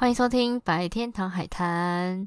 歡迎收聽《白天堂海灘》。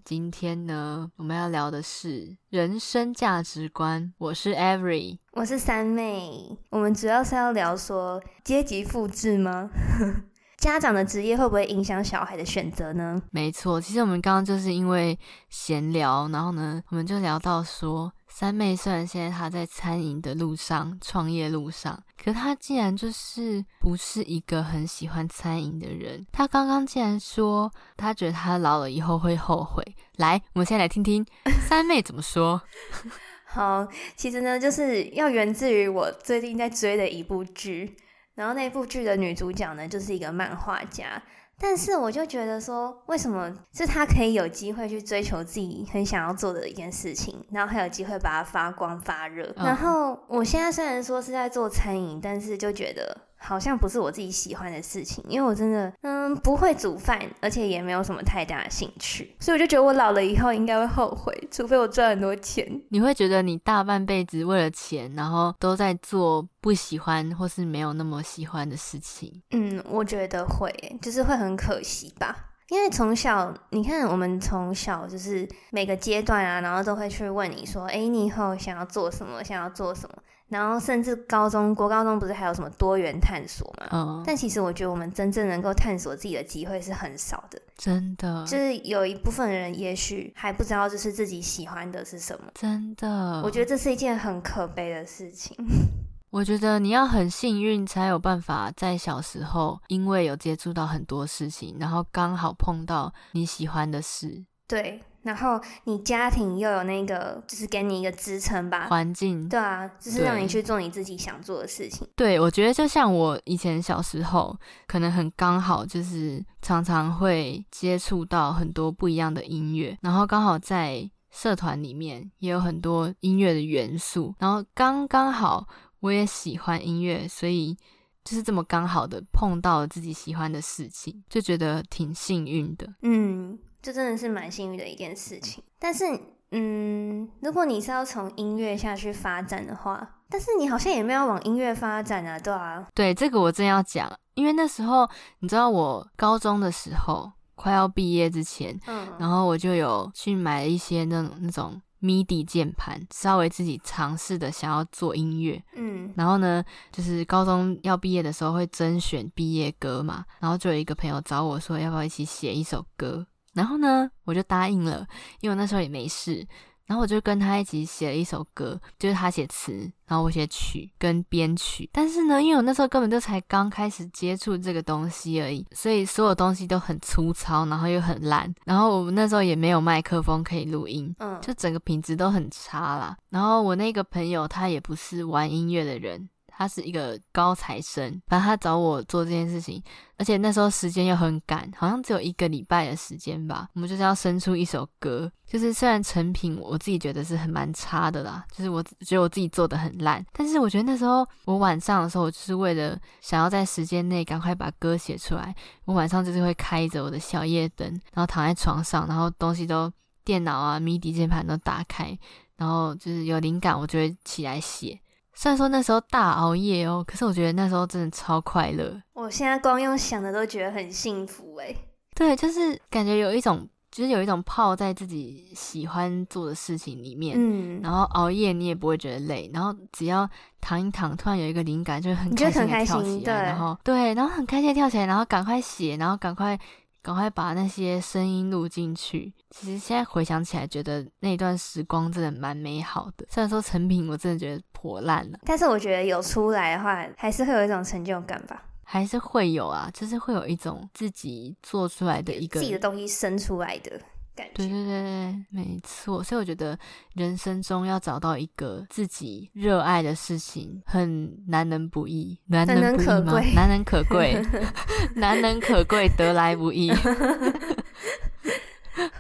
今天呢，我們要聊的是人生價值觀。我是 Avery，我是三妹。我們主要是要聊說階級複製嗎？ 家長的職業會不會影響小孩的選擇呢？沒錯，其實我們剛剛就是因為閒聊，然後呢，我們就聊到說，三妹雖然現在她在餐飲的路上，創業路上。可他竟然就是不是一個很喜歡餐飲的人，他剛剛竟然說他覺得他老了以後會後悔。來，我們先來聽聽三妹怎麼說。 好，其實呢，就是要源自於我最近在追的一部劇。然後那部劇的女主角呢，就是一個漫畫家，但是我就覺得說，為什麼是她可以有機會去追求自己很想要做的一件事情，然後還有機會把它發光發熱。哦。然後我現在雖然說是在做餐飲，但是就覺得。好像不是我自己喜歡的事情，因為我真的嗯不會煮飯，而且也沒有什麼太大的興趣，所以我就覺得我老了以後應該會後悔，除非我賺很多錢。你會覺得你大半輩子為了錢，然後都在做不喜歡或是沒有那麼喜歡的事情？嗯，我覺得會，就是會很可惜吧。因為從小你看，我們從小就是每個階段啊，然後都會去問你說，誒，你以後想要做什麼？想要做什麼？然後甚至高中，國高中不是還有什麼多元探索嗎？嗯，但其實我覺得我們真正能夠探索自己的機會是很少的，真的。就是有一部分人也許還不知道，就是自己喜歡的是什麼，真的。我覺得這是一件很可悲的事情。 我覺得你要很幸運，才有辦法在小時候因為有接觸到很多事情，然後剛好碰到你喜歡的事。對。然後你家庭又有那個，就是給你一個支撐吧，環境，對啊，就是讓你去做你自己想做的事情。對，對，我覺得就像我以前小時候，可能很剛好，就是常常會接觸到很多不一樣的音樂，然後剛好在社團裡面也有很多音樂的元素，然後剛剛好我也喜歡音樂，所以就是這麼剛好的碰到了自己喜歡的事情，就覺得挺幸運的。嗯。這真的是蠻幸運的一件事情，但是，嗯，如果你是要從音樂下去發展的話，但是你好像也沒有往音樂發展啊，對啊，對，這個我正要講，因為那時候你知道，我高中的時候快要畢業之前，嗯，然後我就有去買一些那種那種 MIDI 鍵盤，稍微自己嘗試的想要做音樂，嗯，然後呢，就是高中要畢業的時候會徵選畢業歌嘛，然後就有一個朋友找我說，要不要一起寫一首歌。然後呢，我就答應了，因為我那時候也沒事。然後我就跟他一起寫了一首歌，就是他寫詞，然後我寫曲跟編曲。但是呢，因為我那時候根本就才剛開始接觸這個東西而已，所以所有東西都很粗糙，然後又很爛。然後我那時候也沒有麥克風可以錄音，嗯，就整個品質都很差啦。然後我那個朋友他也不是玩音樂的人。他是一個高材生，反正他找我做這件事情，而且那時候時間又很趕，好像只有一個禮拜的時間吧。我們就是要生出一首歌，就是雖然成品我，我自己覺得是很蠻差的啦，就是我，我覺得我自己做得很爛。但是我覺得那時候我晚上的時候，我就是為了想要在時間內趕快把歌寫出來，我晚上就是會開着我的小夜燈，然後躺在床上，然後東西都電腦啊、MIDI 鍵盤都打開，然後就是有靈感，我就會起來寫。雖然說那時候大熬夜喔，可是我覺得那時候真的超快樂。我現在光用想的都覺得很幸福欸。對，就是感覺有一種，就是有一種泡在自己喜歡做的事情裡面，嗯，然後熬夜你也不會覺得累，然後只要躺一躺，突然有一個靈感就很，就很開心，跳起來，然後對，然後很開心跳起來，然後趕快寫，然後趕快。趕快把那些聲音錄進去。其實現在回想起來，覺得那段時光真的蠻美好的。雖然說成品我真的覺得破爛了，但是我覺得有出來的話，還是會有一種成就感吧。還是會有啊，就是會有一種自己做出來的一個自己的東西生出來的。對對對對，沒錯。所以我覺得人生中要找到一個自己熱愛的事情，很難能不易，難能不易嗎？難可貴，難能可貴， 難能可貴，得來不易。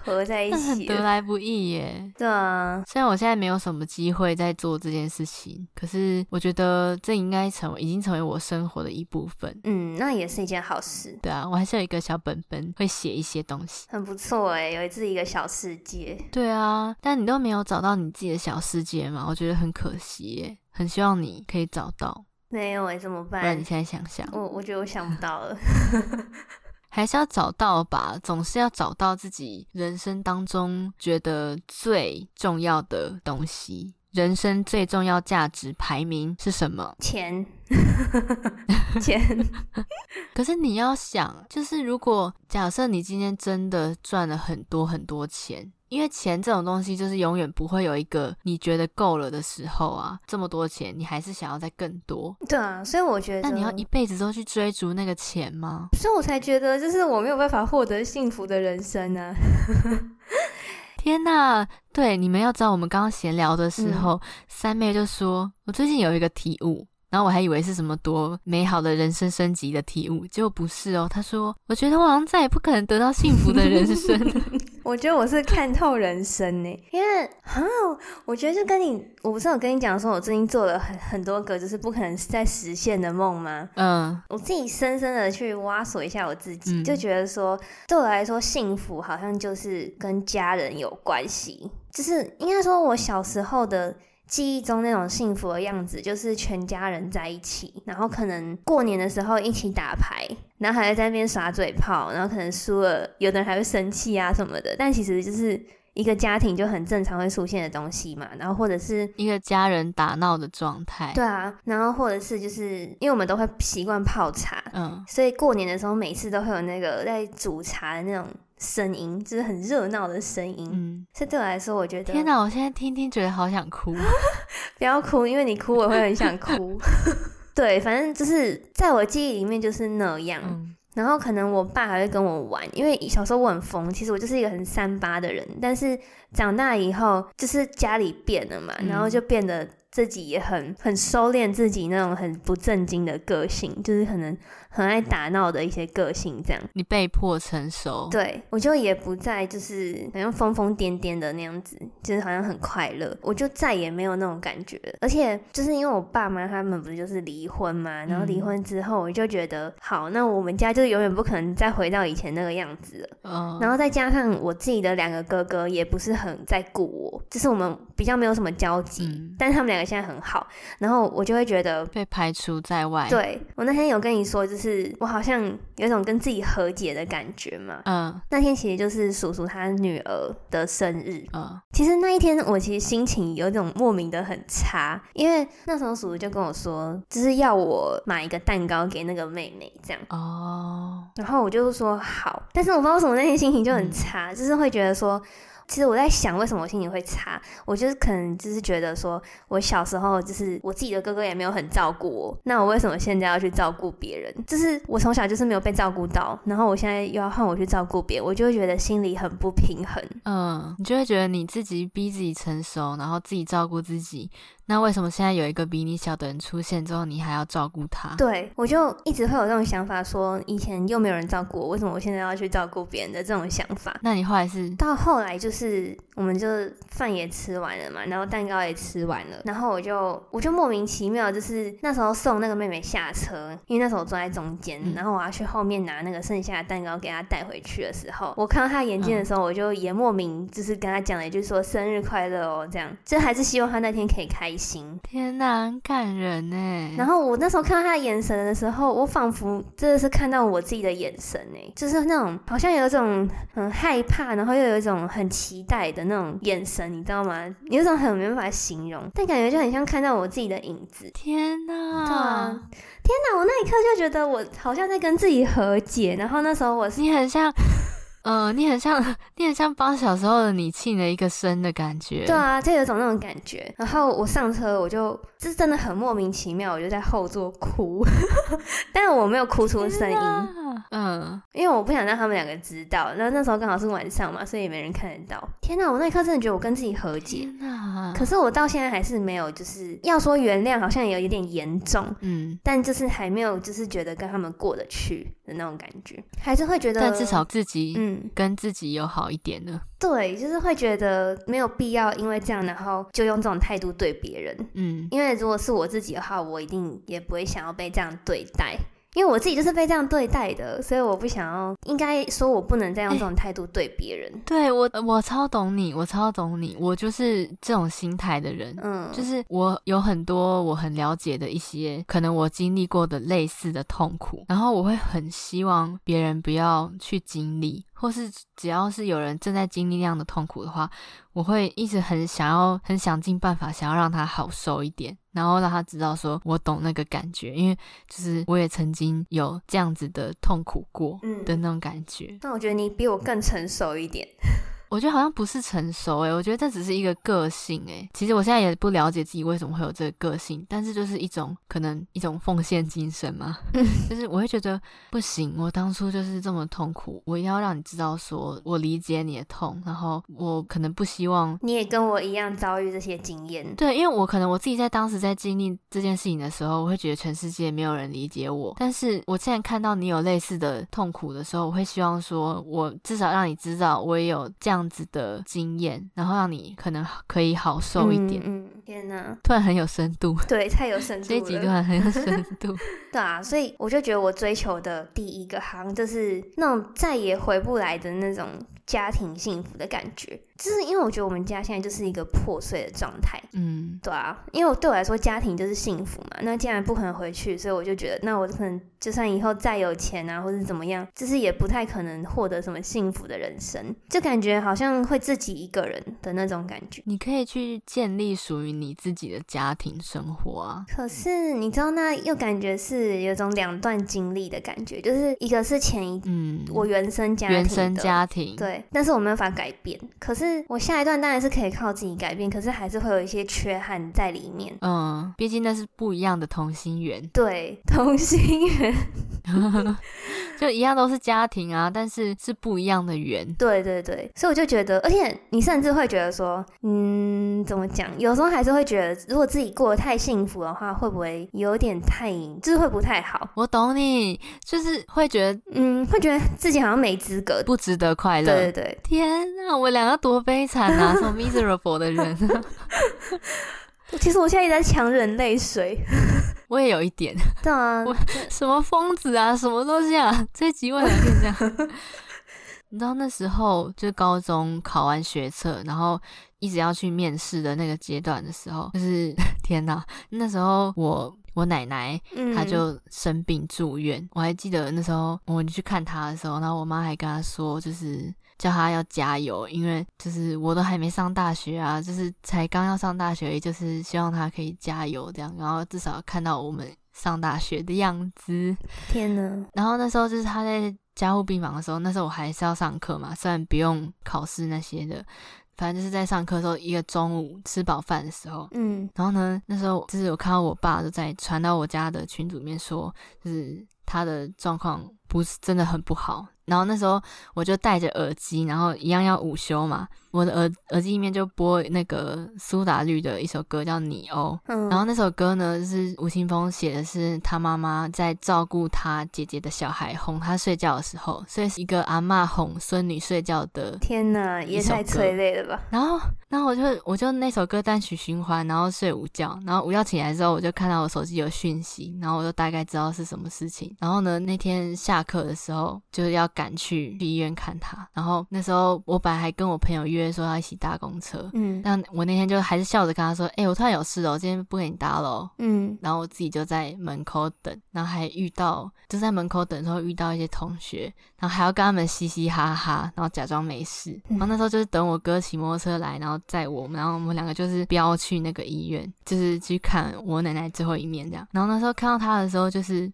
合在一起，得來不易耶。對啊，雖然我現在沒有什麼機會再做這件事情，可是我覺得這應該成為已經成為我生活的一部分。嗯，那也是一件好事。對啊，我還是有一個小本本，會寫一些東西，很不錯哎，有自己一個小世界。對啊，但你都沒有找到你自己的小世界嗎？我覺得很可惜耶，很希望你可以找到。沒有哎，怎麼辦？那你現在想想。我我覺得我想不到了。 還是要找到吧，總是要找到自己人生當中覺得最重要的東西，人生最重要價值排名是什麼？錢， 錢。 可是你要想，就是如果假設你今天真的賺了很多很多錢。因為錢這種東西，就是永遠不會有一個你覺得夠了的時候啊！這麼多錢，你還是想要再更多。對啊，所以我覺得，那你要一輩子都去追逐那個錢嗎？所以我才覺得，就是我沒有辦法獲得幸福的人生啊。 天哪！對，你們要知道，我們剛剛閒聊的時候、嗯，三妹就說，我最近有一個體悟。然後我還以為是什麼多美好的人生升級的體悟，結果不是哦。他說：“我覺得我好像再也不可能得到幸福的人生了。 ”我覺得我是看透人生呢，因為好我覺得就跟你，我不是有跟你講說，我最近做了很很多個就是不可能再實現的夢嗎？嗯，我自己深深的去挖索一下我自己，就覺得說，嗯、對我來說，幸福好像就是跟家人有關係，就是應該說，我小時候的。記憶中那種幸福的樣子，就是全家人在一起，然後可能過年的時候一起打牌，然後還在那邊耍嘴炮，然後可能輸了，有的人還會生氣啊什麼的。但其實就是一個家庭就很正常會出現的東西嘛。然後或者是一個家人打鬧的狀態。對啊，然後或者是就是因為我們都會習慣泡茶，嗯，所以過年的時候每次都會有那個在煮茶的那種。聲音就是很熱鬧的聲音，嗯，是對我來說，我覺得天哪，我現在天天覺得好想哭， 不要哭，因為你哭我會很想哭， 對，反正就是在我記憶裡面就是那樣，嗯，然後可能我爸還會跟我玩，因為小時候我很瘋，其實我就是一個很三八的人，但是長大以後就是家裡變了嘛，嗯，然後就變得自己也很很收斂自己那種很不正經的個性，就是可能。很愛打鬧的一些個性，這樣你被迫成熟，對，我就也不再就是好像瘋瘋癲癲的那樣子，就是好像很快樂，我就再也沒有那種感覺。而且就是因為我爸媽他們不是就是離婚嘛，然後離婚之後我就覺得、嗯、好，那我們家就是永遠不可能再回到以前那個樣子了。嗯、然後再加上我自己的兩個哥哥也不是很在顧我，就是我們比較沒有什麼交集，嗯、但他們兩個現在很好，然後我就會覺得被排除在外。對，我那天有跟你說就是。是我好像有一種跟自己和解的感覺嘛，嗯，那天其實就是叔叔他女兒的生日，嗯，其實那一天我其實心情有一種莫名的很差，因為那時候叔叔就跟我說，就是要我買一個蛋糕給那個妹妹這樣，哦，然後我就說好，但是我不知道為什麼那天心情就很差，嗯，就是會覺得說。其實我在想，為什麼我心情會差？我就是可能就是覺得說，我小時候就是我自己的哥哥也沒有很照顧我，那我為什麼現在要去照顧別人？就是我從小就是沒有被照顧到，然後我現在又要換我去照顧別人，我就會覺得心裡很不平衡。嗯，你就會覺得你自己逼自己成熟，然後自己照顧自己。那為什麼現在有一個比你小的人出現之後，你還要照顧他？對，我就一直會有這種想法說，說以前又沒有人照顧我，為什麼我現在要去照顧別人的這種想法？那你後來是到後來就是，我們就飯也吃完了嘛，然後蛋糕也吃完了，然後我就我就莫名其妙，就是那時候送那個妹妹下車，因為那時候我坐在中間、嗯，然後我要去後面拿那個剩下的蛋糕給她帶回去的時候，我看到她眼鏡的時候、嗯，我就也莫名就是跟她講了一句說生日快樂哦，這樣，就還是希望她那天可以開。天吶，很感人呢。然後我那時候看到他的眼神的時候，我仿佛真的是看到我自己的眼神呢，就是那種好像有一種很害怕，然後又有一種很期待的那種眼神，你知道嗎？有一種很沒辦法形容，但感覺就很像看到我自己的影子。天哪！啊、天哪！我那一刻就覺得我好像在跟自己和解。然後那時候我是你很像。 嗯、呃，你很像，你很像幫小時候的你慶了一個生的感覺。對啊，就有種那種感覺。然後我上車，我就。就是真的很莫名其妙，我就在後座哭， 但是我沒有哭出聲音、啊，嗯，因為我不想讓他們兩個知道。那那時候剛好是晚上嘛，所以也沒人看得到。天哪、啊，我那一刻真的覺得我跟自己和解。啊、可是我到現在還是沒有，就是要說原諒，好像有一點嚴重，嗯，但就是還沒有，就是覺得跟他們過得去的那種感覺，還是會覺得，但至少自己，嗯，跟自己有好一點呢。對，就是會覺得沒有必要，因為這樣，然後就用這種態度對別人。嗯，因為如果是我自己的話，我一定也不會想要被這樣對待，因為我自己就是被這樣對待的，所以我不想要，應該說我不能再用這種態度對別人。欸，對，我，我超懂你，我超懂你，我就是這種心態的人。嗯，就是我有很多我很了解的一些，可能我經歷過的類似的痛苦，然後我會很希望別人不要去經歷。或是只要是有人正在經歷那樣的痛苦的話，我會一直很想要，很想盡辦法，想要讓他好受一點，然後讓他知道說，我懂那個感覺，因為就是我也曾經有這樣子的痛苦過，嗯，的那種感覺，嗯。那我覺得你比我更成熟一點。 我覺得好像不是成熟欸，我覺得這只是一個個性欸。其實我現在也不了解自己為什麼會有這個個性，但是就是一種可能，一種奉獻精神嘛。 就是我會覺得不行，我當初就是這麼痛苦，我一定要讓你知道，說我理解你的痛。然後我可能不希望你也跟我一樣遭遇這些經驗。對，因為我可能我自己在當時在經歷這件事情的時候，我會覺得全世界沒有人理解我。但是我現在看到你有類似的痛苦的時候，我會希望說，我至少讓你知道，我也有這樣。這樣子的經驗，然後讓你可能可以好受一點。嗯嗯。天哪，突然很有深度，對，太有深度了。這幾段很有深度， 對啊，所以我就覺得我追求的第一個行，就是那種再也回不來的那種。家庭幸福的感覺，就是因為我覺得我們家現在就是一個破碎的狀態。嗯，對啊，因為我對我來說，家庭就是幸福嘛。那既然不可能回去，所以我就覺得，那我就可能就算以後再有錢啊，或是怎麼樣，就是也不太可能獲得什麼幸福的人生，就感覺好像會自己一個人的那種感覺。你可以去建立屬於你自己的家庭生活啊。可是你知道，那又感覺是有種兩段經歷的感覺，就是一個是前一，嗯，我原生家庭，原生家庭，對。但是我沒有法改變，可是我下一段當然是可以靠自己改變，可是還是會有一些缺憾在裡面。嗯，畢竟那是不一樣的同心圓。對，同心圓 就一樣都是家庭啊，但是是不一樣的圓。對對對，所以我就覺得，而且你甚至會覺得說，嗯，怎麼講？有時候還是會覺得，如果自己過得太幸福的話，會不會有點太，就是會不太好？我懂你，就是會覺得，嗯，會覺得自己好像沒資格，不值得快樂。對。對，對對，天吶、啊，我們兩個多悲慘吶、啊， 什麼 miserable 的人、啊。 其實我現在也在強忍淚水， 我也有一點。對啊，什麼瘋子啊，什麼東西啊？這幾位男生。 你知道那時候就高中考完學測，然後一直要去面試的那個階段的時候，就是天吶、啊，那時候我我奶奶、嗯、她就生病住院，我還記得那時候我去看她的時候，然後我媽還跟她說就是。叫他要加油，因為就是我都還沒上大學啊，就是才剛要上大學，就是希望他可以加油這樣，然後至少看到我們上大學的樣子。天吶！然後那時候就是他在加護病房的時候，那時候我還是要上課嘛，雖然不用考試那些的，反正就是在上課的時候，一個中午吃飽飯的時候，嗯，然後呢，那時候就是我看到我爸就在傳到我家的群組裡面說，就是他的狀況不是真的很不好。然後那時候我就戴着耳機，然後一樣要午休嘛。我的耳耳機裡面就播那個蘇打綠的一首歌，叫《你哦》。嗯。然後那首歌呢，是吳青峰寫的是他媽媽在照顧他姐姐的小孩，哄他睡覺的時候，所以是一個阿嬤哄孫女睡覺的。天哪，也太催淚了吧！然後，然後我就我就那首歌單曲循環，然後睡午覺。然後午覺起來之後，我就看到我手機有訊息，然後我就大概知道是什麼事情。然後呢，那天下課的時候就是要。趕去去醫院看他，然後那時候我本來還跟我朋友約說要一起搭公車，嗯，但我那天就還是笑着跟他說：“哎、欸，我突然有事哦，我今天不跟你搭嘍。”嗯，然後我自己就在門口等，然後還遇到就在門口等的時候遇到一些同學，然後還要跟他們嘻嘻哈哈，然後假裝沒事。嗯、然後那時候就是等我哥騎摩托車來，然後載我，然後我們兩個就是飆去那個醫院，就是去看我奶奶最後一面，這樣。然後那時候看到他的時候，就是。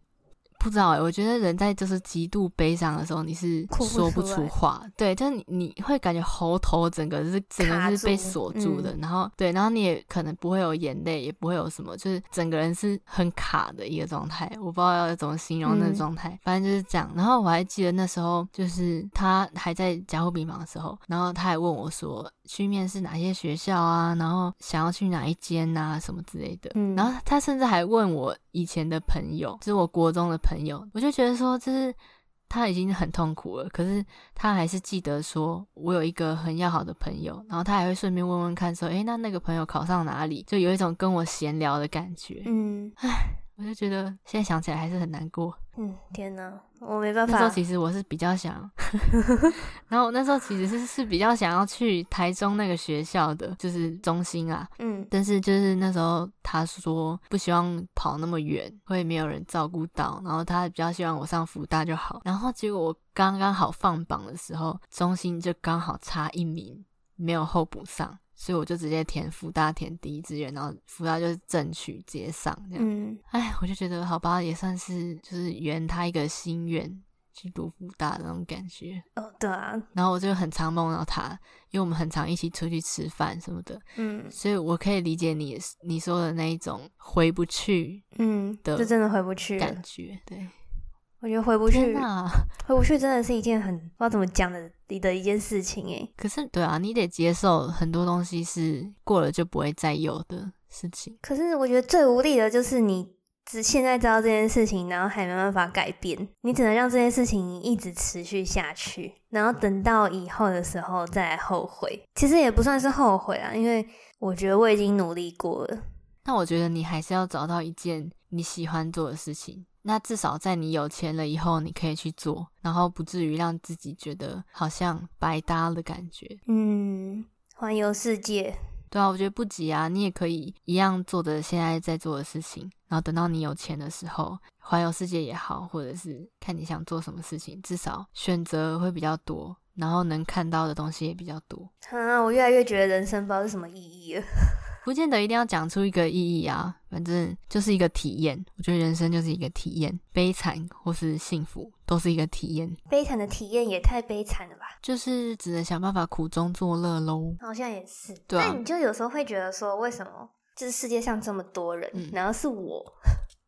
不知道哎、欸，我覺得人在就是極度悲傷的時候，你是說不出話，哭不出來。對，就是你你會感覺喉頭整個是整個是被鎖住的，卡住嗯、然後對，然後你也可能不會有眼淚，也不會有什麼，就是整個人是很卡的一個狀態，我不知道要怎麼形容那個狀態、嗯，反正就是這樣。然後我還記得那時候就是他還在加護病房的時候，然後他還問我說。去面試哪些學校啊？然後想要去哪一間啊？什麼之類的。嗯。然後他甚至還問我以前的朋友，就是我國中的朋友，我就覺得說，就是他已經很痛苦了，可是他還是記得說我有一個很要好的朋友，然後他還會順便問問看說，誒、欸，那那個朋友考上哪裡？就有一種跟我閒聊的感覺。嗯，唉。我就覺得現在想起來還是很難過。嗯，天哪，我沒辦法。那時候其實我是比較想， 然後那時候其實是是比較想要去台中那個學校的，就是中興啊。嗯，但是就是那時候他說不希望跑那麼遠，會沒有人照顧到。然後他比較希望我上輔大就好。然後結果我剛剛好放榜的時候，中興就剛好差一名，沒有候補上。所以我就直接填輔大，填第一志願，然後輔大就是正取接上這樣。嗯，哎，我就覺得好吧，也算是就是圓他一個心願，去讀輔大的那種感覺。哦，對啊。然後我就很常夢到他，因為我們很常一起出去吃飯什麼的。嗯。所以我可以理解你你說的那一種回不去。嗯。對。就真的回不去。感覺對。我覺得回不去、啊，回不去真的是一件很不知道怎麼講的的一件事情哎、欸。可是，對啊，你得接受很多東西是過了就不會再有的事情。可是，我覺得最無力的就是你只現在知道這件事情，然後還沒辦法改變，你只能讓這件事情一直持續下去，然後等到以後的時候再來後悔。其實也不算是後悔啊，因為我覺得我已經努力過了。那我覺得你還是要找到一件你喜歡做的事情。那至少在你有錢了以後，你可以去做，然後不至於讓自己覺得好像白搭的感覺。嗯，環遊世界。對啊，我覺得不急啊，你也可以一樣做着現在在做的事情，然後等到你有錢的時候，環遊世界也好，或者是看你想做什麼事情，至少選擇會比較多，然後能看到的東西也比較多。啊，我越來越覺得人生不知道是什麼意義。不見得一定要講出一個意義啊，反正就是一個體驗。我覺得人生就是一個體驗，悲慘或是幸福都是一個體驗。悲慘的體驗也太悲慘了吧？就是只能想辦法苦中作樂嘍。好像也是。對、啊、但那你就有時候會覺得說，為什麼就是世界上這麼多人，嗯、然後是我？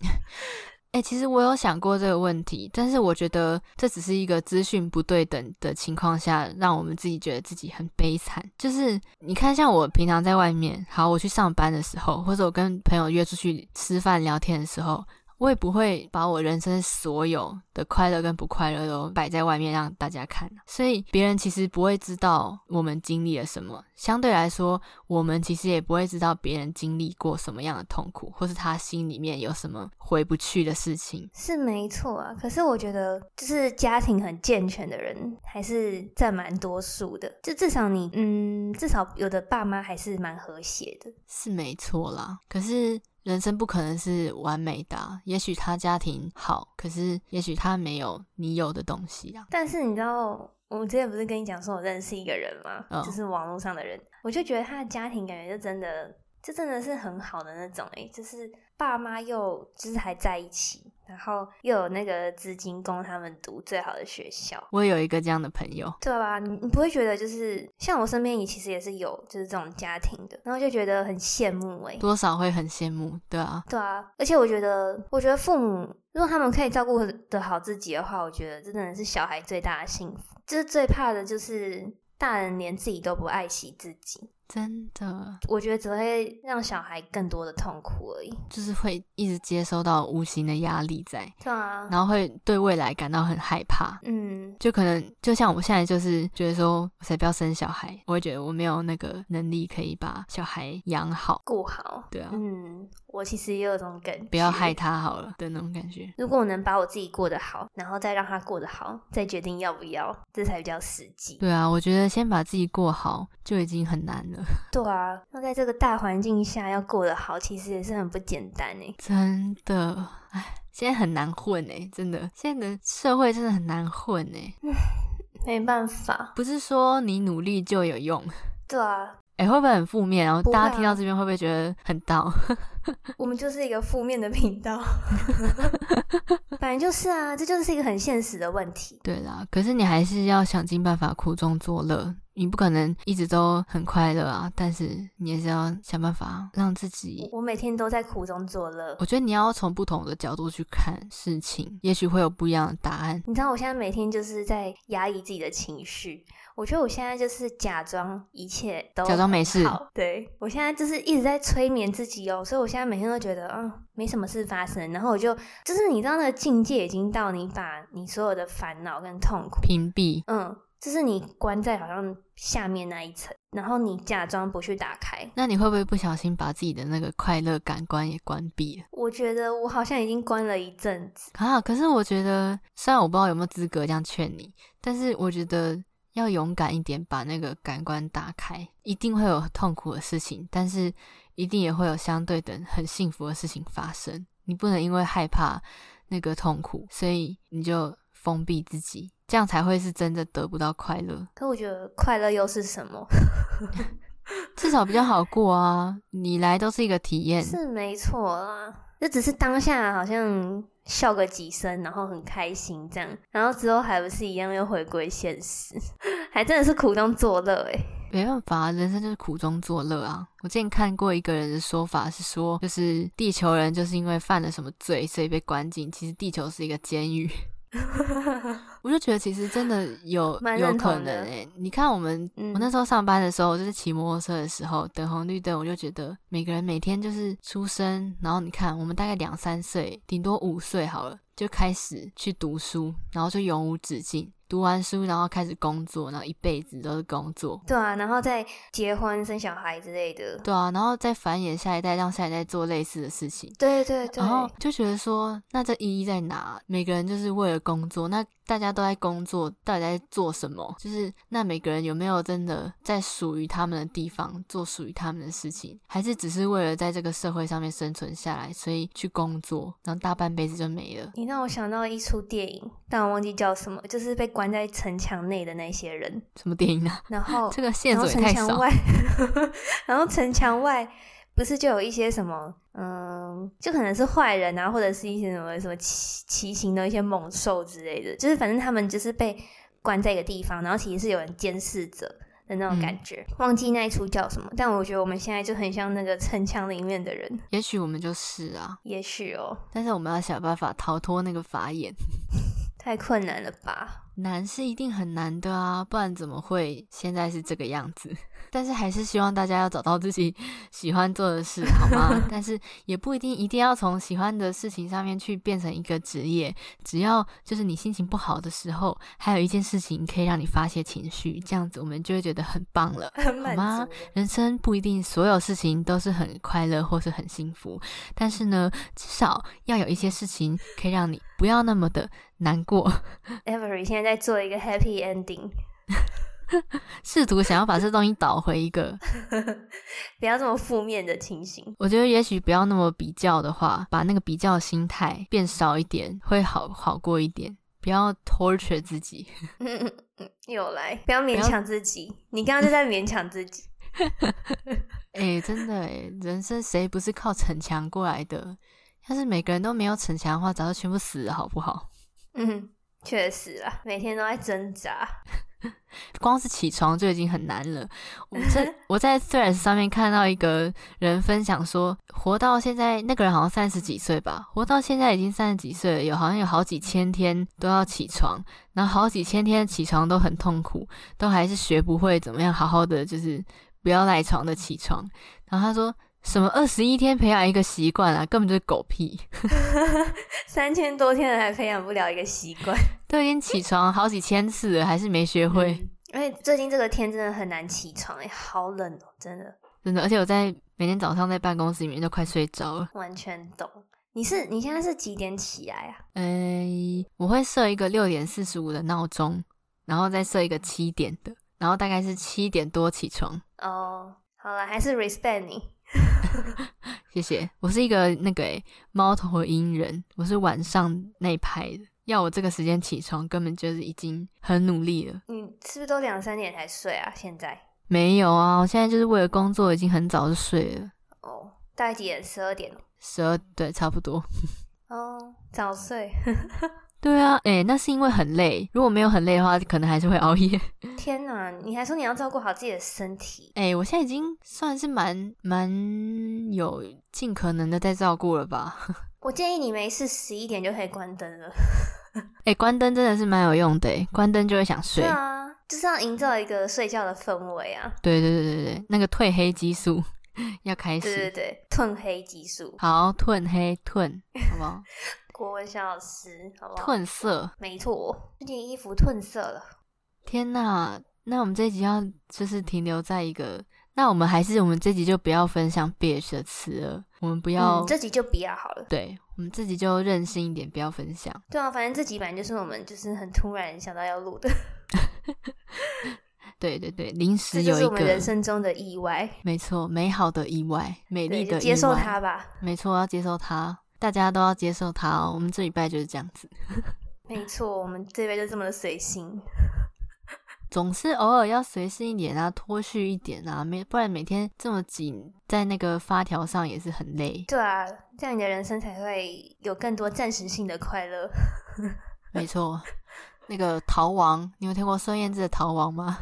哎、欸，其實我有想過這個問題，但是我覺得這只是一個資訊不對等的情況下，讓我們自己覺得自己很悲慘。就是你看，像我平常在外面，好，我去上班的時候，或者我跟朋友約出去吃飯聊天的時候。我也不會把我人生所有的快樂跟不快樂都擺在外面讓大家看，所以別人其實不會知道我們經歷了什麼。相對來說，我們其實也不會知道別人經歷過什麼樣的痛苦，或是他心裡面有什麼回不去的事情，是沒錯啊。可是我覺得，就是家庭很健全的人還是佔蠻多數的，就至少你，嗯，至少有的爸媽還是蠻和諧的，是沒錯啦。可是。人生不可能是完美的啊，也許他家庭好，可是也許他沒有你有的東西啊。但是你知道，我之前不是跟你講說我認識一個人嗎？嗯，就是網絡上的人，我就覺得他的家庭感覺就真的，就真的是很好的那種誒，欸，就是。爸媽又就是還在一起，然後又有那個資金供他們讀最好的學校。我有一個這樣的朋友，對吧？你你不會覺得就是像我身邊也其實也是有就是這種家庭的，然後就覺得很羨慕哎，多少會很羨慕，對啊，對啊，而且我覺得我覺得父母如果他們可以照顧得好自己的話，我覺得這真的是小孩最大的幸福。就是最怕的就是大人連自己都不愛惜自己。真的，我覺得只會讓小孩更多的痛苦而已，就是會一直接收到無形的壓力在，對啊，然後會對未來感到很害怕，嗯，就可能就像我現在就是覺得說，我才不要生小孩，我會覺得我沒有那個能力可以把小孩養好、過好，對啊，嗯，我其實也有這種感覺，不要害他好了的那種感覺。如果我能把我自己過得好，然後再讓他過得好，再決定要不要，這才比較實際。對啊，我覺得先把自己過好就已經很難了。對啊，那在這個大環境下要過得好，其實也是很不簡單哎。真的，哎，現在很難混哎，真的，現在的社會真的很難混哎。沒辦法，不是說你努力就有用。對啊，哎、欸，會不會很負面？然後大家聽到這邊會不會覺得很刀？ 我們就是一個負面的頻道，反正就是啊，這就是一個很現實的問題。對啦，可是你還是要想盡辦法苦中作樂，你不可能一直都很快樂啊。但是你也是要想辦法讓自己，我每天都在苦中作樂。我覺得你要從不同的角度去看事情，也許會有不一樣的答案。你知道，我現在每天就是在壓抑自己的情緒，我覺得我現在就是假裝一切都假裝沒事。對，我現在就是一直在催眠自己哦，所以我。我現在每天都覺得嗯，沒什麼事發生，然後我就就是你知道那個境界已經到你把你所有的煩惱跟痛苦屏蔽，嗯，就是你關在好像下面那一層，然後你假裝不去打開，那你會不會不小心把自己的那個快樂感官也關閉了？我覺得我好像已經關了一陣子啊，可是我覺得雖然我不知道有沒有資格這樣勸你，但是我覺得要勇敢一點，把那個感官打開，一定會有痛苦的事情，但是。一定也會有相對等很幸福的事情發生。你不能因為害怕那個痛苦，所以你就封閉自己，這樣才會是真的得不到快樂。可我覺得快樂又是什麼？ 至少比較好過啊！ 你來都是一個體驗，是沒錯啦。就只是當下好像笑個幾聲，然後很開心這樣，然後之後還不是一樣又回歸現實，還真的是苦中作樂誒、欸。沒辦法，人生就是苦中作樂啊。我之前看過一個人的說法是說，就是地球人就是因為犯了什麼罪，所以被關進。其實地球是一個監獄。 我就覺得其實真的有，有可能誒、欸。你看我們，我那時候上班的時候，就是騎摩托車的時候等紅綠燈，我就覺得每個人每天就是出生，然後你看我們大概兩三歲，頂多五歲好了，就開始去讀書，然後就永無止境。讀完書，然後開始工作，然後一輩子都是工作。對啊，然後再結婚、生小孩之類的。對啊，然後再繁衍下一代，讓下一代做類似的事情。對對對。然後就覺得說，那這意義在哪？每個人就是為了工作，那大家都在工作，到底在做什麼？就是那每個人有沒有真的在屬於他們的地方做屬於他們的事情？還是只是為了在這個社會上面生存下來，所以去工作，然後大半輩子就沒了？你讓我想到一出電影，但我忘記叫什麼，就是被。關在城牆內的那些人，什麼電影啊？然後 這個線索也太少。然後城牆外，然後城牆外, 外不是就有一些什麼，嗯，就可能是壞人啊，或者是一些什麼什麼奇奇形的一些猛獸之類的。就是反正他們就是被關在一個地方，然後其實是有人監視着的那種感覺。嗯、忘記那一出叫什麼，但我覺得我們現在就很像那個城牆裡面的人。也許我們就是啊，也許哦。但是我們要想辦法逃脫那個法眼。太困難了吧？難是一定很難的啊，不然怎麼會現在是這個樣子？但是還是希望大家要找到自己喜歡做的事，好嗎？但是也不一定一定要從喜歡的事情上面去變成一個職業。只要就是你心情不好的時候，還有一件事情可以讓你發洩情緒，這樣子我們就會覺得很棒了，好嗎？人生不一定所有事情都是很快樂或是很幸福，但是呢，至少要有一些事情可以讓你不要那麼的難過。Avery 現在在做一個 Happy Ending。 試 圖想要把這東西倒回一個不要這麼負面的情形。我覺得也許不要那麼比較的話，把那個比較心態變少一點會好好過一點。不要 torture 自己。嗯，又來，不要勉強自己。 你剛剛就在勉強自己 哎、欸，真的哎、欸，人生誰不是靠逞強過來的？要是每個人都沒有逞強的話，早就全部死了，好不好？嗯，確實啊，每天都在掙扎。 光是起床就已經很難了。我在我在 Threads 上面看到一個人分享說，活到現在，那個人好像三十幾歲吧，活到現在已經三十幾歲了，有好像有好幾千天都要起床，然後好幾千天起床都很痛苦，都還是學不會怎麼樣好好的，就是不要賴床的起床。然後他說。什麼二十一天培養一個習慣啊，根本就是狗屁！ 三千多天了還培養不了一個習慣，都已經起床好幾千次了，還是沒學會。嗯、而且最近這個天真的很難起床、欸，哎，好冷哦、喔，真的，真的。而且我在每天早上在辦公室裡面都快睡着了。完全懂。你是你現在是幾點起來啊？哎、欸，我會設一個六點四十五的鬧鐘，然後再設一個七點的，然後大概是七點多起床。哦、oh,，好了，還是 respect 你。 謝謝，我是一個那個欸、貓頭鷹人，我是晚上那一派的。要我這個時間起床，根本就是已經很努力了。你是不是都兩三點才睡啊？現在沒有啊，我現在就是為了工作，已經很早就睡了。哦、oh，大概幾點？十二點？十二，對，差不多。哦、 oh，早睡。 對啊，哎、欸，那是因為很累。如果沒有很累的話，可能還是會熬夜。天哪，你還說你要照顧好自己的身體？哎、欸，我現在已經算是蠻蠻有盡可能的在照顧了吧。我建議你沒事十一點就可以關燈了。哎、欸，關燈真的是蠻有用的、欸，關燈就會想睡。對啊，就是要營造一個睡覺的氛圍啊。對對對對對，那個褪黑激素要開始，對對對，褪黑激素，好，褪黑褪，好不好？ 國文小老師好吧？褪色，沒錯，這件衣服褪色了。天哪，那我們這一集要就是停留在一個，那我們還是我們這一集就不要分享 bitch 的詞了，我們不要、嗯、這集就不要好了。對，我們這集就任性一點，不要分享。對啊，反正這集本就是我們就是很突然想到要錄的。 對對對，臨時有一個是我們人生中的意外，沒錯，美好的意外，美麗的意外，接受它吧。沒錯，要接受它。大家都要接受他哦，我們這禮拜就是這樣子。沒錯，我們這禮拜就這麼的隨性，總是偶爾要隨性一點啊，脫序一點啊，沒不然每天這麼緊在那個發條上也是很累。對啊，這樣你的人生才會有更多暫時性的快樂。 沒錯，那個逃亡，你有聽過孫燕姿的逃亡嗎？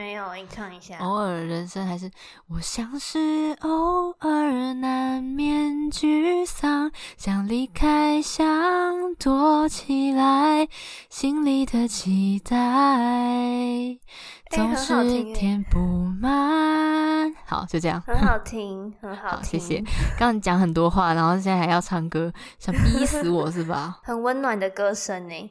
沒有，你唱一下。偶爾人生還是，我像是偶爾難免沮喪，想離開，想躲起來，心裡的期待總是填不滿，欸欸。好，就這樣。很好聽， 很好聽。好，謝謝。剛剛講很多話，然後現在還要唱歌，想逼死我是吧？ 很溫暖的歌聲呢、欸。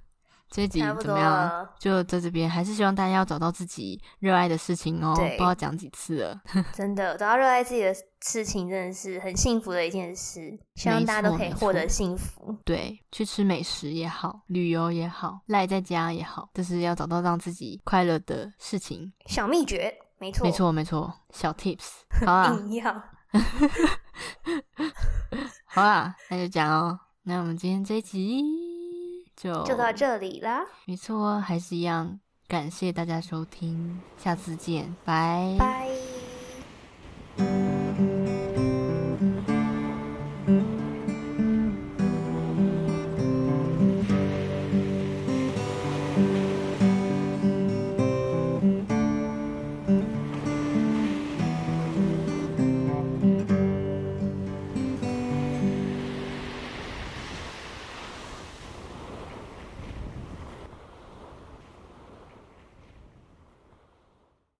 這一集怎麼樣？就在這邊，還是希望大家要找到自己熱愛的事情哦。不知道講幾次了。真的，找到熱愛自己的事情，真的是很幸福的一件事。呵呵，希望大家都可以獲得幸福。對，去吃美食也好，旅遊也好，賴在家也好，就是要找到讓自己快樂的事情。小秘訣，沒錯沒錯沒錯。小 tips，好啊。一 定硬要。 好啊，那就講哦。那我們今天這一集。就，就到這裡了，沒錯，還是一樣，感謝大家收聽，下次見，拜拜。拜拜。